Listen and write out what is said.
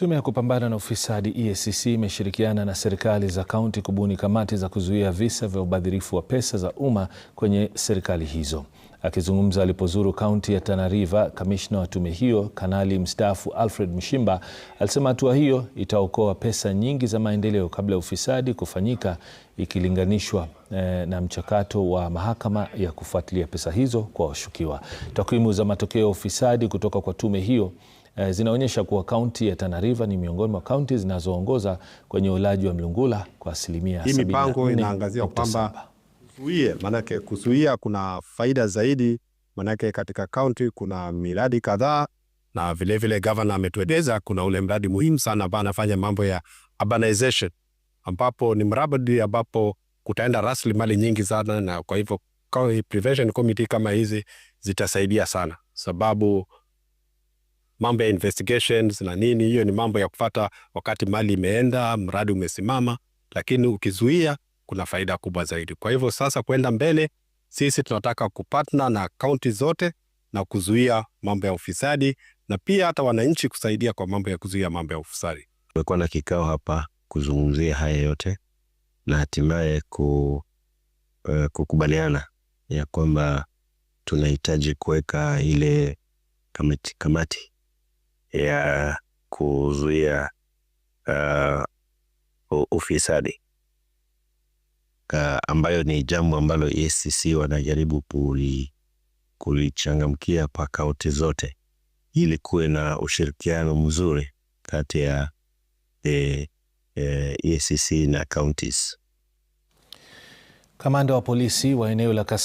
Tume ya kupambana na ufisadi EACC imeshirikiana na serikali za kaunti kubuni kamati za kuzuia visa vya ubadhirifu wa pesa za umma kwenye serikali hizo. Akizungumza alipozuru kaunti ya Tana River, kamishna wa tume hiyo kanali mstaafu Alfred mshimba alisema hatua hiyo itaokoa pesa nyingi za maendeleo kabla ya ufisadi kufanyika ikilinganishwa eh, na mchakato wa mahakama ya kufuatilia pesa hizo kwa washukiwa. Takwimu za matokeo ya ufisadi kutoka kwa tume hiyo Eh, zinaonyesha kuwa kaunti ya Tana River ni miongoni mwa kaunti zinazoongoza kwenye ulaji wa mlungula kwa asilimia. Hii mipango inaangazia kwamba kuzuia, maanake kuzuia kuna faida zaidi, maanake katika kaunti kuna miradi kadhaa na vilevile gavana ametueleza kuna ule mradi muhimu sana ambao anafanya mambo ya urbanization, ambapo ni mradi ambapo kutaenda rasilimali nyingi sana, na kwa hivyo prevention committee kama hizi zitasaidia sana sababu mambo ya investigations na nini, hiyo ni mambo ya kufata wakati mali imeenda, mradi umesimama, lakini ukizuia kuna faida kubwa zaidi. Kwa hivyo sasa kwenda mbele, sisi tunataka kupatna na kaunti zote na kuzuia mambo ya ufisadi na pia hata wananchi kusaidia kwa mambo ya kuzuia mambo ya ufisadi. Tumekuwa na kikao hapa kuzungumzia haya yote na hatimaye ku, uh, kukubaliana ya kwamba tunahitaji kuweka ile kamati, kamati ya kuzuia uh, ufisadi ambayo ni jambo ambalo EACC wanajaribu kulichangamkia pa kaunti zote ili kuwe na ushirikiano mzuri kati ya EACC eh, eh, na counties. Kamanda wa polisi wa eneo la